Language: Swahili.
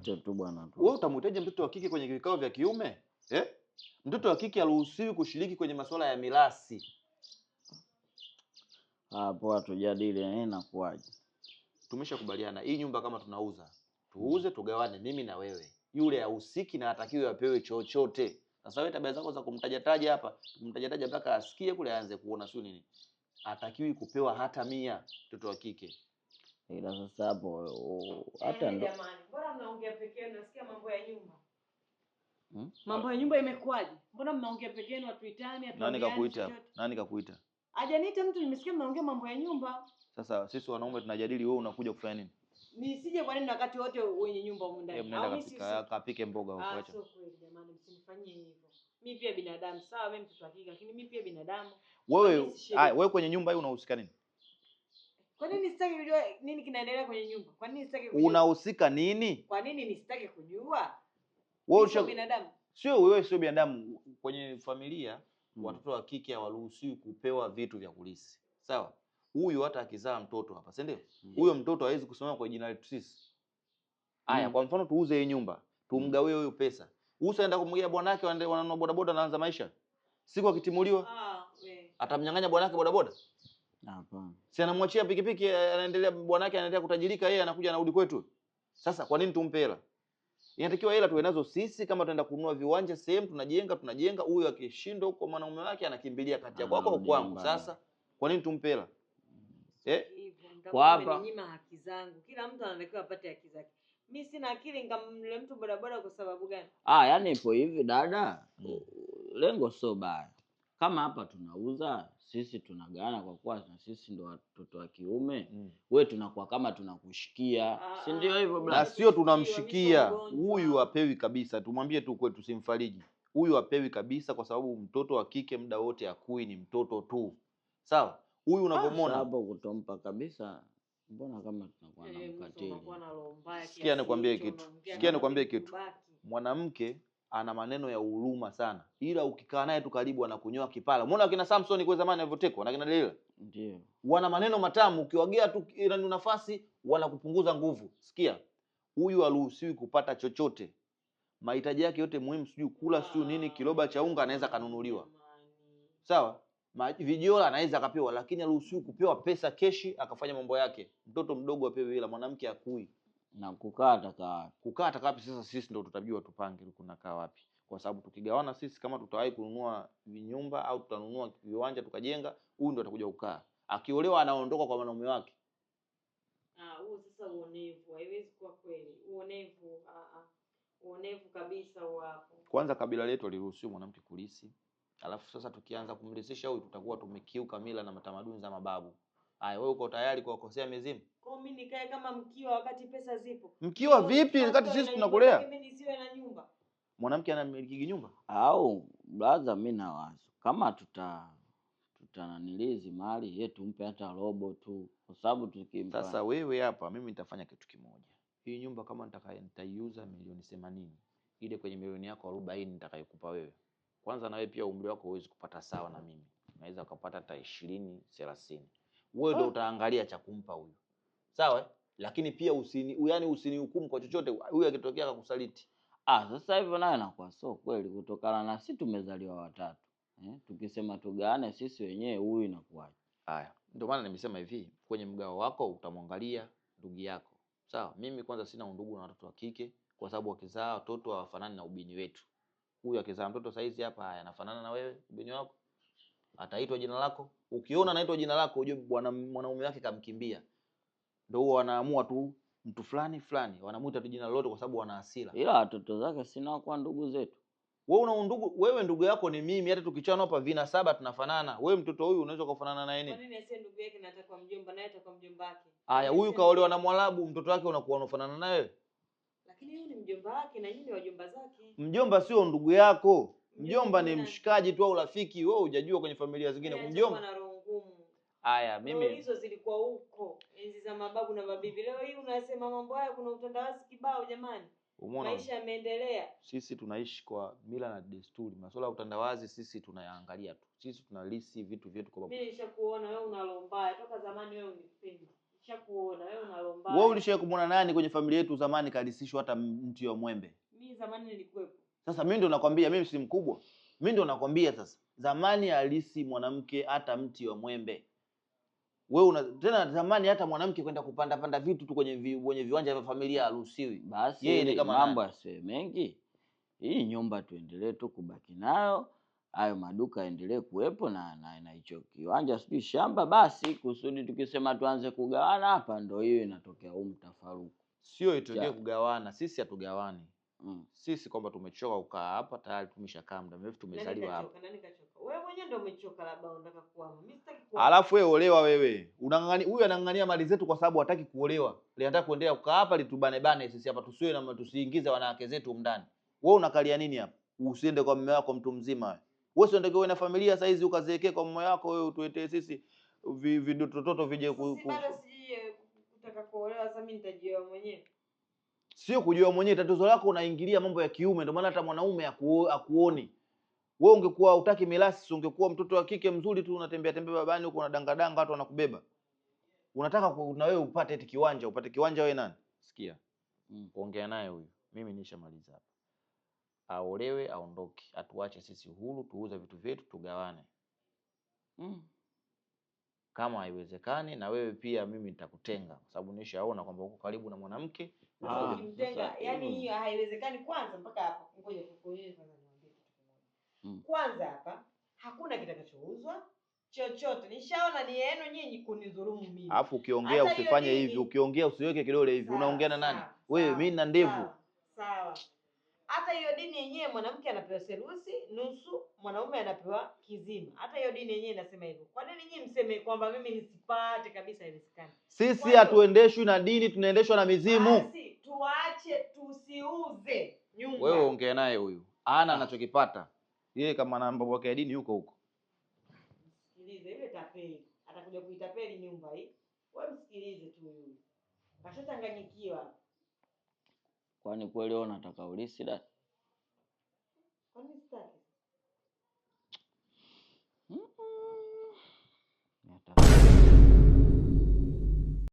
mche tu bwana tu. Wewe utamwitaje mtoto wa kike kwenye vikao vya kiume eh? Mtoto wa kike aruhusiwi kushiriki kwenye masuala ya mirasi. Hapo ah, hatujadili eh, na kuaje? Tumeshakubaliana hii nyumba kama tunauza tuuze, tugawane, mimi na wewe. Yule ahusiki na atakiwe apewe chochote. Sasa wewe tabia zako za kumtajataja hapa, kumtajataja mpaka asikie kule, aanze kuona sio nini, Atakiwi kupewa hata mia mtoto wa kike ila sasa hapo oh, hata eh, ndo jamani, mbona mnaongea peke yenu? Nasikia mambo ya nyumba hmm? mambo ya ah. nyumba imekuwaje? Mbona mnaongea peke yenu, hatuitani? Nani kakuita? Nani kakuita? Hajaniita mtu, nimesikia mnaongea mambo ya nyumba. Sasa sisi wanaume tunajadili, wewe unakuja kufanya nini? Nisije kwa nini wakati wote wenye nyumba huko ndani? Mnaenda kapika kapike mboga huko, ah, acha. Sio kweli jamani, msinifanyie hivyo. Mimi pia binadamu, sawa, mimi mtoto wa lakini mimi pia binadamu. Wewe wewe kwenye nyumba hii unahusika nini? Kwa nini sitaki kujua nini kinaendelea kwenye nyumba? Kwa nini sitaki kujua? Unahusika nini? Kwa nini nisitaki kujua? Wewe sio binadamu. Sio wewe sio binadamu kwenye familia hmm. Watoto wa kike hawaruhusiwi kupewa vitu vya kulisi. Sawa? Huyu hata akizaa mtoto hapa, si ndio? Hmm. Huyo hmm. mtoto hawezi kusimama kwa jina letu sisi. Haya, hmm. kwa mfano tuuze hii nyumba, tumgawie hmm. huyo pesa. Usa enda kumgea bwanake wananua bodaboda anaanza maisha. Siku akitimuliwa. Ah, atamnyang'anya bwanake bodaboda. Hapana. Si anamwachia pikipiki eh, anaendelea bwana yake anaendelea kutajirika yeye anakuja anarudi kwetu. Sasa kwa nini tumpe hela? Inatakiwa hela tuwe nazo sisi kama tunaenda kununua viwanja sehemu tunajenga tunajenga huyo akishindwa huko mwanaume wake anakimbilia kati ya ah, kwako au kwangu. Sasa kwa nini tumpe hela? Mm. Eh? Kwa hapa nyima haki zangu. Kila mtu anatakiwa apate haki zake. Mimi sina akili ngamle mtu bodaboda kwa sababu gani? Ah, yani ipo hivi dada. Mm. Lengo sio baya kama hapa tunauza sisi tunagana kwa kuwa na sisi ndo watoto wa kiume mm. We tunakuwa kama tunakushikia, ah, ah, si ndio hivyo bwana? Na sio tunamshikia huyu, apewi kabisa. Tumwambie tu kwetu, simfariji huyu, apewi kabisa, kwa sababu mtoto wa kike muda wote akui ni mtoto tu, sawa. Huyu unavyomwona hapo ah, kutompa kabisa, mbona kama tunakuwa na eh, mkatili. Sikia nikwambie kitu, sikia nikwambie kitu, mwanamke ana maneno ya huruma sana, ila ukikaa naye tu karibu anakunyoa kipala. Umeona akina Samson kwa zamani alivyotekwa na kina Delila, ndio wana maneno matamu, ukiwagea tu ila ni nafasi wanakupunguza nguvu. Sikia, huyu haruhusiwi kupata chochote, mahitaji yake yote muhimu, sijui kula, sijui nini, kiloba cha unga anaweza kanunuliwa, sawa vijola anaweza akapewa, lakini haruhusiwi kupewa pesa keshi akafanya mambo yake. Mtoto mdogo apewe, ila mwanamke akui na kukaa atakaa Kukaa atakaa wapi? Sasa sisi ndo tutajua tupange kunakaa wapi, kwa sababu tukigawana sisi, kama tutawahi kununua vinyumba au tutanunua viwanja tukajenga, huyu ndo atakuja kukaa. Akiolewa anaondoka kwa mwanaume wake. Ah, huo sasa uonevu, haiwezi kuwa kweli. Uonevu ah, ah. uonevu kabisa hapo. Kwanza kabila letu aliruhusiwa mwanamke kulisi, alafu sasa tukianza kumrisisha huyu tutakuwa tumekiuka mila na matamaduni za mababu. Haya, wewe uko tayari kuwakosea mizimu? Kwa mimi nikae kama mkiwa wakati pesa zipo. Mkiwa vipi wakati sisi tunakulea? Mimi nisiwe na nyumba. Mwanamke anamiliki nyumba? Au brother, mimi na Kama tuta tutananilizi mali yetu mpe hata robo tu kwa sababu tukimpa. Sasa wewe hapa mimi nitafanya kitu kimoja. Hii nyumba kama nitakaye nitaiuza milioni themanini. Ile kwenye milioni yako arobaini nitakayokupa wewe. Kwanza na wewe pia umri wako huwezi kupata sawa na mimi. Unaweza ukapata hata ishirini thelathini. Wewe ndio ah. utaangalia cha kumpa huyu sawa, eh? lakini pia usini yani hukumu kwa chochote, huyu akitokea akakusaliti. Ah, sasa hivyo nayo nakuwa so kweli, kutokana na sisi tumezaliwa watatu eh, tukisema tugane sisi wenyewe huyu inakuwaje? Haya, ndio maana nimesema hivi, kwenye mgao wako utamwangalia ndugu yako, sawa. Mimi kwanza sina undugu na watoto wa kike kwa sababu wakizaa watoto hawafanani na ubini wetu. Huyu akizaa mtoto saizi hapa, haya anafanana na wewe ubini wako, ataitwa jina lako. Ukiona anaitwa jina lako, ujue bwana mwanaume wake kamkimbia ndio huwa wanaamua tu mtu fulani fulani, wanamuita tu jina lolote kwa sababu wana hasira. Ila watoto zake sina kwa ndugu zetu. Wewe una ndugu, wewe ndugu yako ni mimi, hata tukichana hapa vina saba tunafanana. Wewe mtoto huyu unaweza kufanana naye nini? Kwa nini asiye ndugu yake na atakuwa mjomba naye atakuwa mjomba wake? Haya, huyu kaolewa na Mwarabu, mtoto wake unakuwa unafanana naye. Lakini yeye ni mjomba wake na yeye ni wajomba zake. Mjomba sio ndugu yako. Mjomba ni mshikaji tu au rafiki. Wewe hujajua kwenye familia zingine kumjomba. Haya, mimi hizo zilikuwa huko enzi za mababu na mabibi. Leo hii unasema mambo haya, kuna utandawazi kibao jamani. Umeona, maisha yameendelea. Sisi tunaishi kwa mila na desturi, masuala ya utandawazi sisi tunayaangalia tu, sisi tunalisi vitu vyetu kwa mimi. Nishakuona wewe unalombaya toka zamani, wewe unipenda, nishakuona wewe unalombaya. Wewe ulishaye kumuona nani kwenye familia yetu zamani kalisishwa hata mti wa mwembe? Mimi zamani nilikuwepo. Sasa mimi ndio nakwambia, mimi si mkubwa, mimi ndio nakwambia. Sasa zamani alisi mwanamke hata mti wa mwembe wewe una tena zamani hata mwanamke kwenda kupanda panda vitu tu kwenye vi, kwenye viwanja vya familia haruhusiwi. Basi yeye ni kama mambo yasiwe mengi, hii nyumba tuendelee tu kubaki nayo, hayo maduka yaendelee kuwepo na na, na hicho kiwanja sijui shamba, basi kusudi tukisema tuanze kugawana hapa, ndo hiyo inatokea huu mtafaruku. Sio itokee kugawana, sisi hatugawani mm. Sisi kwamba tumechoka kukaa hapa, tayari tumeshakaa muda mrefu, tumezaliwa hapa. Alafu wewe olewa wewe. Unang'ang'ania huyu anang'ania mali zetu kwa sababu hataki kuolewa. Anataka kuendelea kukaa hapa litubane bane sisi hapa tusiwe na tusiingize wanawake zetu ndani. Wewe unakalia nini hapa? Usiende kwa mume wako mtu mzima. Wewe sio ndio na familia saa hizi ukazeekee kwa mume wako wewe utuetee sisi vidototo vije ku, ku. Eh, kutaka kuolewa sasa mimi nitajiwa mwenyewe. Sio kujua mwenyewe, tatizo lako unaingilia mambo ya kiume ndio maana hata mwanaume akuoni wewe ungekuwa utaki milasi, ungekuwa mtoto wa kike mzuri tu, unatembea tembea babani huko, unadangadanga, watu wanakubeba. Unataka na wewe upate eti kiwanja, upate kiwanja wewe nani? Sikia mm. ongea naye huyu, mimi nishamaliza hapa, aolewe aondoke, atuache sisi huru, tuuze vitu vyetu, tugawane mm. Kama haiwezekani na wewe pia, mimi nitakutenga kwa sababu nishaona kwamba uko karibu na mwanamke. Ah. Ukimtenga yani haiwezekani kwanza mpaka hapo. Ngoja tukueleze Mm. Kwanza hapa hakuna kitakachouzwa chochote, nishaona ni yenu nyinyi kunidhulumu mimi. Alafu ukiongea usifanye hivi, ukiongea usiweke kidole hivi. Unaongea na nani wewe? Mimi na ndevu sawa. Hata hiyo dini yenyewe mwanamke anapewa serusi nusu, mwanaume anapewa kizima. Hata hiyo dini yenyewe inasema hivyo. Kwa nini nyinyi mseme kwamba mimi nisipate kabisa? Haiwezekani. Sisi hatuendeshwi na dini, tunaendeshwa na mizimu. Basi tuache, tusiuze nyumba. Wewe ongea naye huyu, ana anachokipata yeye kama ana mambo yake ya dini yuko huko. Msikilize yule tapeli, atakuja kuitapeli nyumba hii. Wewe msikilize tu yule, kashachanganyikiwa. Kwani kweli wewe unataka ulisi dada?